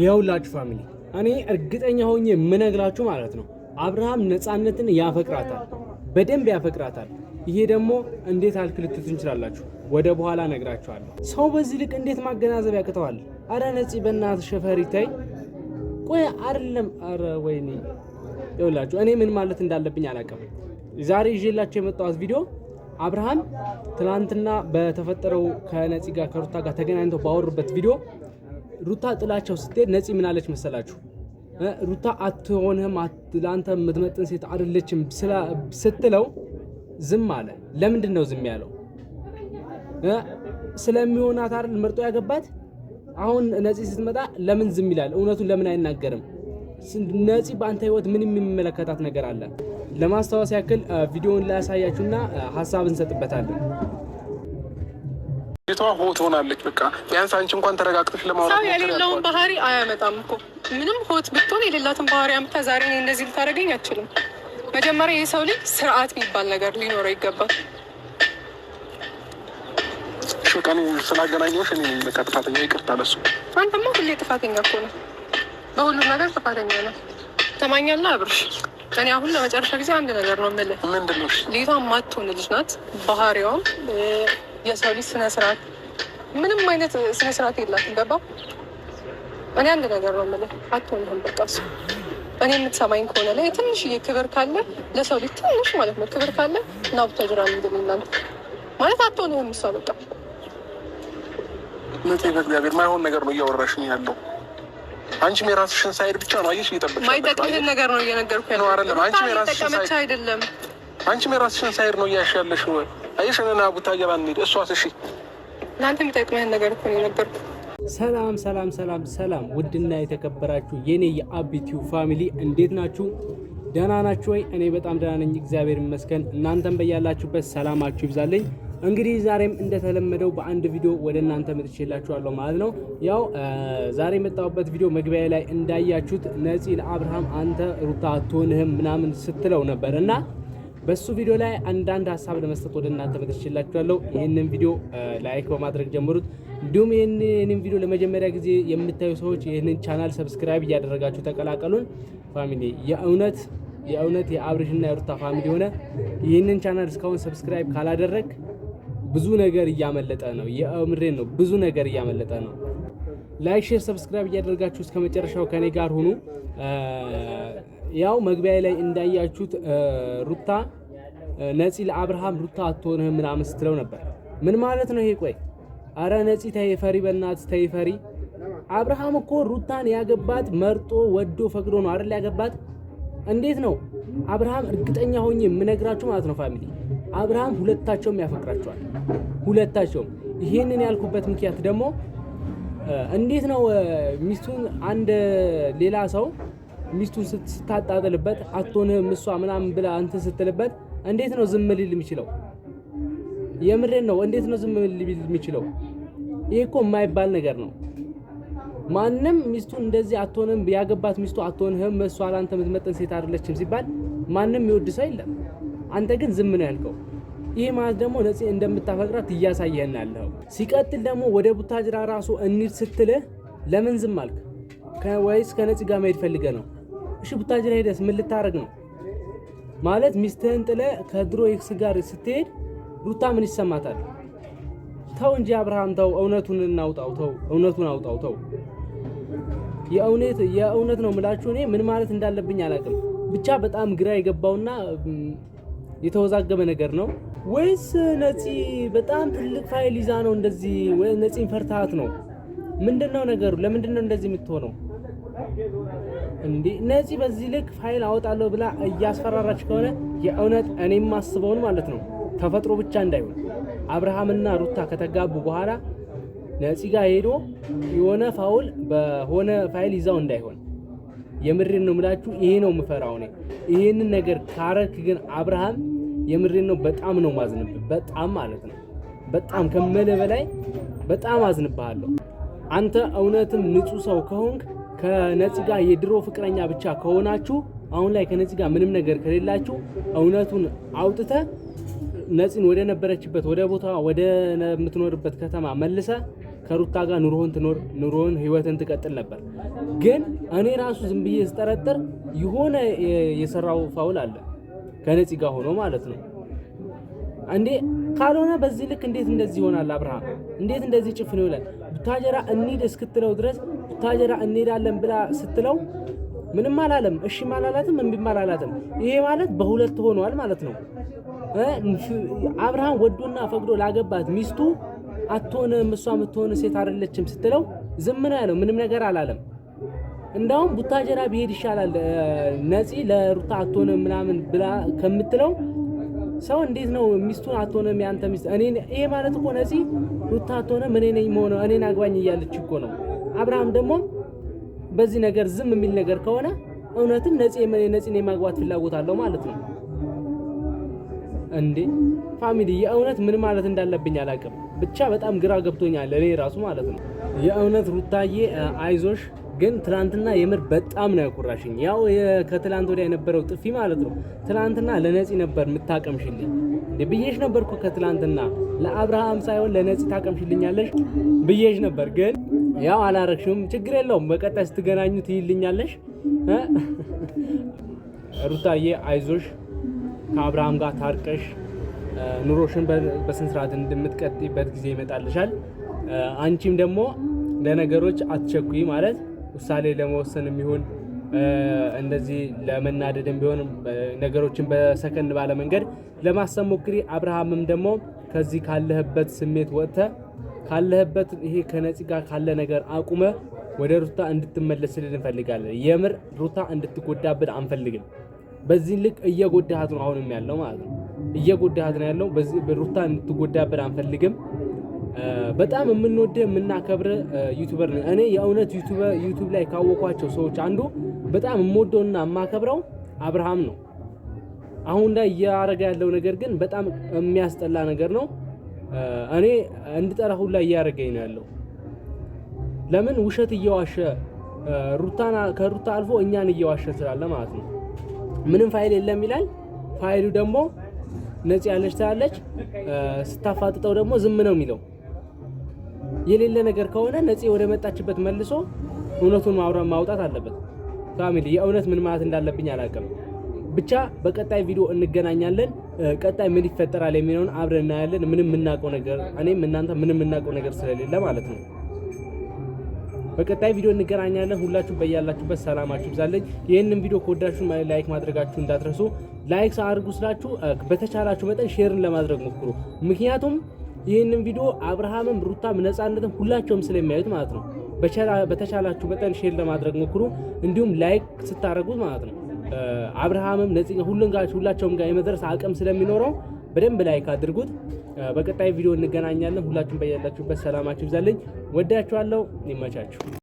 የሁላችሁ ፋሚሊ እኔ እርግጠኛ ሆኜ የምነግራችሁ ማለት ነው አብርሃም ነፃነትን ያፈቅራታል፣ በደንብ ያፈቅራታል። ይሄ ደግሞ እንዴት አልክ እንችላላችሁ። ወደ በኋላ ነግራችኋለሁ። ሰው በዚህ ልክ እንዴት ማገናዘብ ያቅተዋል? አረ ነፂ በእናት ሸፈሪ ታይ ቆይ አይደለም። አረ ወይኔ ይውላችሁ እኔ ምን ማለት እንዳለብኝ አላውቅም። ዛሬ ይዤላችሁ የመጣሁት ቪዲዮ አብርሃም ትናንትና በተፈጠረው ከነፂ ጋር ከሩታ ጋር ተገናኝተው ባወሩበት ቪዲዮ ሩታ ጥላቸው ስትሄድ ነፂ ምናለች መሰላችሁ? ሩታ አትሆንህም ለአንተ የምትመጥን ሴት አይደለችም ስትለው ዝም አለ። ለምንድን ነው ዝም ያለው? ስለሚሆናት አይደል መርጦ ያገባት። አሁን ነፂ ስትመጣ ለምን ዝም ይላል? እውነቱን ለምን አይናገርም? ነፂ በአንተ ህይወት ምን የሚመለከታት ነገር አለ? ለማስታወስ ያክል ቪዲዮውን ላያሳያችሁና ሀሳብ እንሰጥበታለን። ቤቷ ሆ ትሆናለች። በቃ ቢያንስ አንቺ እንኳን ተረጋግተሽ ለማውራት ሰው የሌለውን ባህሪ አያመጣም እኮ ምንም ሆት ብትሆን የሌላትን ባህሪ አምታ ዛሬ እኔ እንደዚህ ልታደርገኝ አችልም። መጀመሪያ የሰው ልጅ ስርዓት የሚባል ነገር ሊኖረው ይገባል። ቀን ስላገናኘሁሽ እኔ በቃ ጥፋተኛ ይቅርታ ለሱ። አንተማ ሁሌ ጥፋተኛ እኮ ነው፣ በሁሉም ነገር ጥፋተኛ ነው። ተማኛና አብርሽ እኔ አሁን ለመጨረሻ ጊዜ አንድ ነገር ነው የምልህ። ምንድን ነው ልጅቷ ማትሆን ልጅ ናት፣ ባህሪዋም የሰው ልጅ ስነ ስርዓት ምንም አይነት ስነ ስርዓት የላትም። ገባ እኔ አንድ ነገር ነው የምልህ፣ አትሆንም በቃ እሱ እኔ የምትሰማኝ ከሆነ ላይ ትንሽዬ ክብር ካለ ለሰው ልጅ ትንሽ ማለት ነው ክብር ካለ እና ቡታጅራ ምንድን እናንተ ማለት አትሆንም እሷ በቃ እውነቴ በእግዚአብሔር ማይሆን ነገር ነው እያወራሽኝ ያለው። አንቺም የራስሽን ሳይድ ብቻ ነው አየሽ፣ እየጠበቅሽ ማይጠቅምህን ነገር ነው እየነገርኩ ያለው። አይደለም አንቺም የራስሽን ሳይድ ነው እያልሽ ያለሽ እሷስ እሺ ነገር እኮ ነው ሰላም ሰላም ሰላም ሰላም! ውድና የተከበራችሁ የኔ የአቢቲዩ ፋሚሊ እንዴት ናችሁ? ደህና ናችሁ ወይ? እኔ በጣም ደህና ነኝ፣ እግዚአብሔር ይመስገን። እናንተም በያላችሁበት ሰላማችሁ ይብዛልኝ። እንግዲህ ዛሬም እንደተለመደው በአንድ ቪዲዮ ወደ እናንተ መጥቼላችኋለሁ ማለት ነው። ያው ዛሬ የመጣሁበት ቪዲዮ መግቢያ ላይ እንዳያችሁት ነፂ ለአብርሃም አንተ ሩታ አትሆንህም ምናምን ስትለው ነበር እና በሱ ቪዲዮ ላይ አንዳንድ ሀሳብ ለመስጠት ወደ እናንተ መጥቼላችኋለሁ። ይህንን ቪዲዮ ላይክ በማድረግ ጀምሩት። እንዲሁም ይህንን ቪዲዮ ለመጀመሪያ ጊዜ የምታዩ ሰዎች ይህንን ቻናል ሰብስክራይብ እያደረጋችሁ ተቀላቀሉን። ፋሚሊ የእውነት የእውነት የአብርሽና የሩታ ፋሚሊ ሆነ ይህንን ቻናል እስካሁን ሰብስክራይብ ካላደረግ ብዙ ነገር እያመለጠ ነው። የምሬን ነው። ብዙ ነገር እያመለጠ ነው። ላይክ፣ ሼር፣ ሰብስክራይብ እያደረጋችሁ እስከ መጨረሻው ከኔ ጋር ሁኑ። ያው መግቢያ ላይ እንዳያችሁት ሩታ ነፂ ለአብርሃም ሩታ አትሆንህም ምናምን ስትለው ነበር። ምን ማለት ነው ይሄ? ቆይ አረ ነፂ ተይፈሪ፣ በእናትህ ተይፈሪ። አብርሃም እኮ ሩታን ያገባት መርጦ ወዶ ፈቅዶ ነው አይደል ያገባት። እንዴት ነው አብርሃም? እርግጠኛ ሆኜ የምነግራችሁ ማለት ነው ፋሚሊ፣ አብርሃም ሁለታቸውም ያፈቅራቸዋል። ሁለታቸውም። ይህንን ያልኩበት ምክንያት ደግሞ እንዴት ነው ሚስቱን አንድ ሌላ ሰው ሚስቱን ስታጣጥልበት አትሆንህም እሷ ምናምን ብላ አንተ ስትልበት እንዴት ነው ዝም ሊል የሚችለው? የምሬን ነው። እንዴት ነው ዝም ሊል የሚችለው? ይሄ እኮ የማይባል ነገር ነው። ማንም ሚስቱ እንደዚህ አትሆንም ያገባት ሚስቱ አትሆንህም እሷ ላንተ የምትመጥን ሴት አይደለችም ሲባል ማንም ይወድ ሰው የለም። አንተ ግን ዝም ነው ያልከው። ይህ ማለት ደግሞ ነፂ እንደምታፈቅራት እያሳየህን ያለው። ሲቀጥል ደግሞ ወደ ቡታጅራ ራሱ እንሂድ ስትልህ ለምን ዝም አልክ? ወይስ ከነፂ ጋር መሄድ ፈልገህ ነው? እሺ ቡታጅራ ሄደስ ምን ልታረግ ነው? ማለት ሚስትህን ጥለ ከድሮ ኤክስ ጋር ስትሄድ ሩታ ምን ይሰማታል? ተው እንጂ አብርሃም ተው፣ እውነቱን እናውጣው። ተው እውነቱን አውጣው። ተው የእውነት የእውነት ነው የምላችሁ። እኔ ምን ማለት እንዳለብኝ አላውቅም። ብቻ በጣም ግራ የገባውና የተወዛገበ ነገር ነው። ወይስ ነፂ በጣም ትልቅ ፋይል ይዛ ነው እንደዚህ? ነፂን ፈርታት ነው? ምንድነው ነገሩ? ለምንድን እንደዚህ የምትሆነው? እንዴ እነዚህ በዚህ ልክ ፋይል አወጣለሁ ብላ እያስፈራራች ከሆነ የእውነት እኔም ማስበውን ማለት ነው ተፈጥሮ ብቻ እንዳይሆን አብርሃምና ሩታ ከተጋቡ በኋላ ነፂ ጋር ሄዶ የሆነ ፋውል በሆነ ፋይል ይዛው እንዳይሆን የምሬን ነው የምላችሁ። ይሄ ነው የምፈራው እኔ። ይሄንን ነገር ካረክ ግን አብርሃም የምሬን ነው በጣም ነው ማዝንብ፣ በጣም ማለት ነው በጣም ከመለ በላይ በጣም አዝንብሃለሁ። አንተ እውነትም ንጹህ ሰው ከሆንክ ከነፂ ጋር የድሮ ፍቅረኛ ብቻ ከሆናችሁ አሁን ላይ ከነፂ ጋር ምንም ነገር ከሌላችሁ እውነቱን አውጥተ ነፂን ወደ ነበረችበት ወደ ቦታ ወደ ምትኖርበት ከተማ መልሰ ከሩታ ጋር ኑሮህን ትኖር ኑሮህን ህይወትን ትቀጥል ነበር። ግን እኔ ራሱ ዝም ብዬ ስጠረጥር የሆነ የሰራው ፋውል አለ ከነፂ ጋር ሆኖ ማለት ነው። እንዴ ካልሆነ በዚህ ልክ እንዴት እንደዚህ ይሆናል? አብርሃም እንዴት እንደዚህ ጭፍን ይውላል? ቡታጀራ እንሂድ እስክትለው ድረስ ቡታጀራ እንሄዳለን ብላ ስትለው ምንም አላለም። እሺ አላላትም፣ እምቢም አላላትም። ይሄ ማለት በሁለት ሆኗል ማለት ነው። አብርሃም ወዶና ፈቅዶ ላገባት ሚስቱ አትሆንም፣ እሷ የምትሆን ሴት አይደለችም ስትለው ዝም ነው ያለው። ምንም ነገር አላለም። እንዳውም ቡታጀራ ቢሄድ ይሻላል ነፂ ለሩታ አትሆንም ምናምን ብላ ከምትለው ሰው እንዴት ነው ሚስቱን አትሆንም ያንተ ሚስት እኔ ይሄ ማለት እኮ ነፂ ሩታ አትሆንም እኔ ነኝ መሆነ እኔን አግባኝ እያለች እኮ ነው አብርሃም ደግሞ በዚህ ነገር ዝም የሚል ነገር ከሆነ እውነትም ነፂን የማግባት ፍላጎት አለው ማለት ነው። እንዴ ፋሚሊ የእውነት ምን ማለት እንዳለብኝ አላውቅም። ብቻ በጣም ግራ ገብቶኛል እኔ ራሱ ማለት ነው። የእውነት ሩታዬ አይዞሽ። ግን ትላንትና የምር በጣም ነው ያኩራሽኝ። ያው ከትላንት ወዲያ የነበረው ጥፊ ማለት ነው። ትላንትና ለነፂ ነበር የምታቀምሽልኝ ብዬሽ እኮ ከትላንትና ለአብርሃም ሳይሆን ለነፂ ታቀምሽልኛለሽ ብዬሽ ነበር፣ ግን ያው አላረግሽም። ችግር የለውም በቀጣይ ስትገናኙ ትይልኛለሽ። ሩታዬ አይዞሽ፣ ከአብርሃም ጋር ታርቀሽ ኑሮሽን በስነስርዓት እንደምትቀጥይበት ጊዜ ይመጣልሻል። አንቺም ደግሞ ለነገሮች አትቸኩይ ማለት ውሳኔ ለመወሰን የሚሆን እንደዚህ ለመናደድም ቢሆን ነገሮችን በሰከን ባለ መንገድ ለማሰብ ሞክሪ። አብርሃምም ደግሞ ከዚህ ካለህበት ስሜት ወጥተ ካለህበት ይሄ ከነፂ ጋር ካለ ነገር አቁመ ወደ ሩታ እንድትመለስልን እንፈልጋለን። የምር ሩታ እንድትጎዳብን አንፈልግም። በዚህ ልክ እየጎዳሃት ነው አሁንም ያለው ማለት ነው። እየጎዳሃት ነው ያለው። በዚህ ሩታ እንድትጎዳብን አንፈልግም። በጣም የምንወደ የምናከብረ ዩቲዩበር ነኝ እኔ። የእውነት ዩቲዩብ ላይ ካወኳቸው ሰዎች አንዱ በጣም የምወደውና የማከብረው አብርሃም ነው። አሁን ላይ እያረገ ያለው ነገር ግን በጣም የሚያስጠላ ነገር ነው። እኔ እንድጠራ ሁላ እያደረገኝ ነው ያለው። ለምን ውሸት እየዋሸ ሩታና ከሩታ አልፎ እኛን እየዋሸ ስላለ ማለት ነው። ምንም ፋይል የለም ይላል። ፋይሉ ደግሞ ነጽ ያለች ትላለች። ስታፋጥጠው ደግሞ ዝም ነው የሚለው። የሌለ ነገር ከሆነ ነጽ ወደ መጣችበት መልሶ እውነቱን ማውራት ማውጣት አለበት። ፋሚሊ የእውነት ምን ማለት እንዳለብኝ አላውቅም። ብቻ በቀጣይ ቪዲዮ እንገናኛለን። ቀጣይ ምን ይፈጠራል የሚለውን አብረን እናያለን። ምንም የምናውቀው ነገር እኔም እናንተ ምንም የምናውቀው ነገር ስለሌለ ማለት ነው። በቀጣይ ቪዲዮ እንገናኛለን። ሁላችሁ በያላችሁበት ሰላማችሁ ይብዛለኝ። ይህንን ቪዲዮ ከወዳችሁ ላይክ ማድረጋችሁ እንዳትረሱ። ላይክ አድርጉ ስላችሁ በተቻላችሁ መጠን ሼርን ለማድረግ ሞክሩ። ምክንያቱም ይህንን ቪዲዮ አብርሃምም ሩታም ነፃነትም ሁላቸውም ስለሚያዩት ማለት ነው። በተቻላችሁ መጠን ሼር ለማድረግ ሞክሩ። እንዲሁም ላይክ ስታደርጉት ማለት ነው አብርሃምም ነፂ ሁላቸውም ጋር የመድረስ አቅም ስለሚኖረው በደንብ ላይክ አድርጉት። በቀጣይ ቪዲዮ እንገናኛለን። ሁላችሁም በያላችሁበት ሰላማችሁ ይብዛልኝ። ወዳችኋለሁ። ይመቻችሁ።